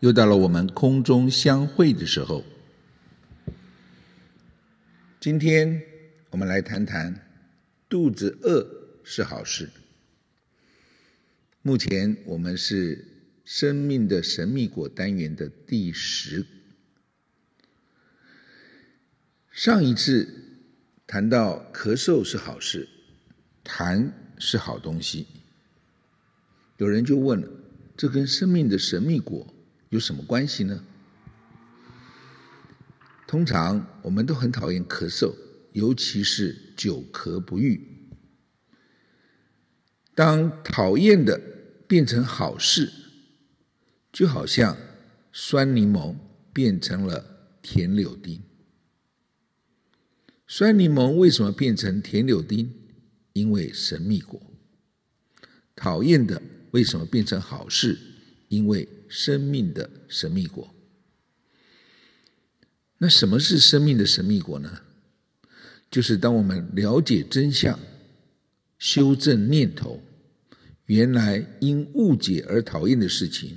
又到了我們空中相會的時候。今天我們來談談，肚子餓是好事。目前我們是生命的神秘果單元的第十。上一次談到咳嗽是好事，痰是好東西。有人就問了：這跟生命的神秘果？有什麼關係呢？通常我們都很討厭咳嗽，尤其是久咳不癒。當討厭的變成好事，就好像酸檸檬變成了甜柳丁。酸檸檬為什麼變成甜柳丁？因為神秘果。討厭的為什麼變成好事？因為生命的神秘果。那什麼是生命的神秘果呢？就是當我們了解真相、修正念頭，原來因誤解而討厭的事情，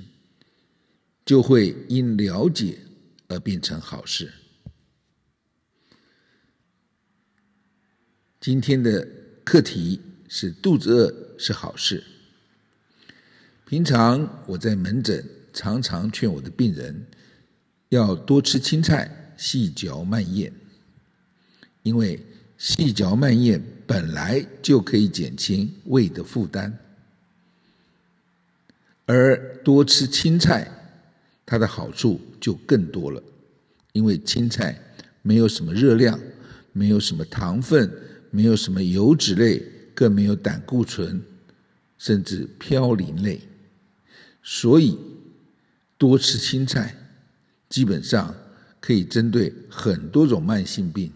就會因了解而變成好事。今天的課題是：肚子餓是好事。平常我在門診常常勸我的病人，要多吃青菜、細嚼慢嚥，因為細嚼慢嚥本來就可以減輕胃的負擔，而多吃青菜，它的好處就更多了，因為青菜沒有什麼熱量，沒有什麼糖分，沒有什麼油脂類，更沒有膽固醇，甚至嘌呤類。所以，多吃青菜，基本上可以針對很多種慢性病。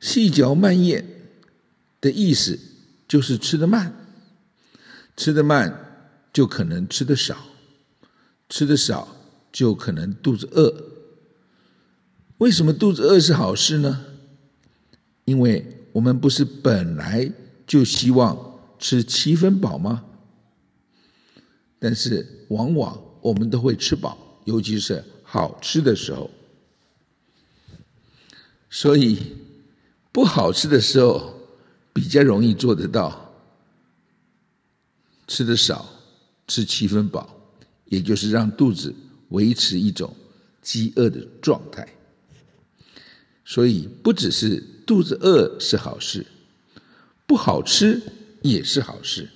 細嚼慢嚥的意思就是吃得慢，吃得慢就可能吃得少，吃得少就可能肚子餓。為什麼肚子餓是好事呢？因為我們不是本來就希望吃七分飽嗎？但是，往往我們都會吃飽，尤其是好吃的時候。所以，不好吃的時候比較容易做得到，吃的少，吃七分飽，也就是讓肚子維持一種飢餓的狀態。所以，不只是肚子餓是好事，不好吃也是好事。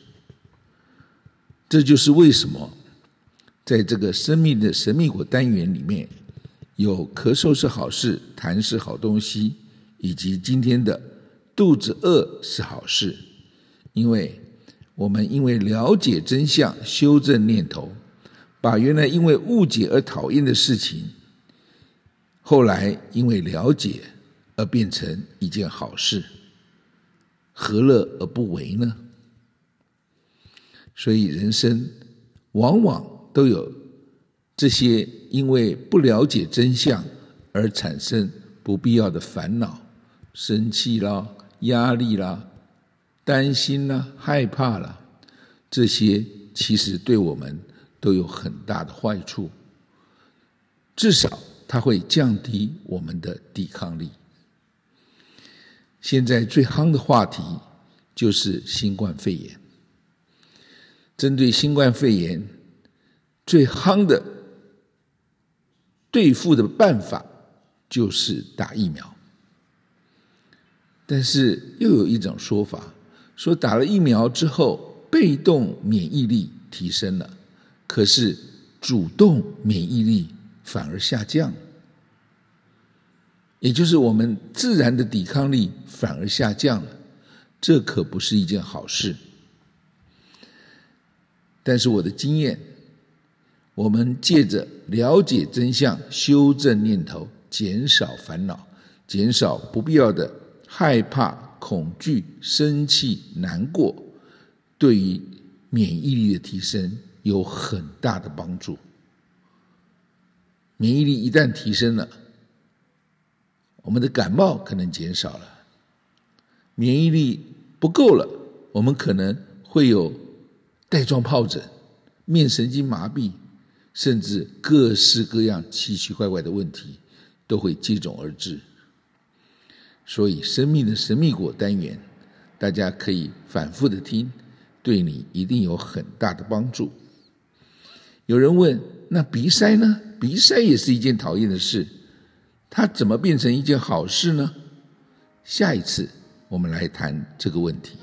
這就是為什麼，在這個生命的神秘果單元裡面，有咳嗽是好事，痰是好東西，以及今天的肚子餓是好事，因為我們因為了解真相，修正念頭，把原來因為誤解而討厭的事情，後來因為了解而變成一件好事，何樂而不為呢？所以人生往往都有這些，因為不了解真相而產生不必要的煩惱、生氣啦、壓力啦、擔心啦、害怕啦，這些其實對我們都有很大的壞處，至少它會降低我們的抵抗力。現在最夯的話題就是新冠肺炎。針對新冠肺炎，最夯的對付的辦法就是打疫苗。但是又有一種說法，說打了疫苗之後，被動免疫力提升了，可是主動免疫力反而下降。也就是我們自然的抵抗力反而下降了，這可不是一件好事。但是我的經驗，我們借着了解真相，修正念頭，減少煩惱，減少不必要的害怕、恐懼、生氣、難過，對於免疫力的提升有很大的幫助。免疫力一旦提升了，我們的感冒可能減少了；免疫力不夠了，我們可能會有。帶狀皰疹、面神經麻痹，甚至各式各樣奇奇怪怪的問題都會接踵而至。所以，生命的神秘果單元，大家可以反復的聽，對你一定有很大的幫助。有人問：那鼻塞呢？鼻塞也是一件討厭的事，它怎麼變成一件好事呢？下一次我們來談這個問題。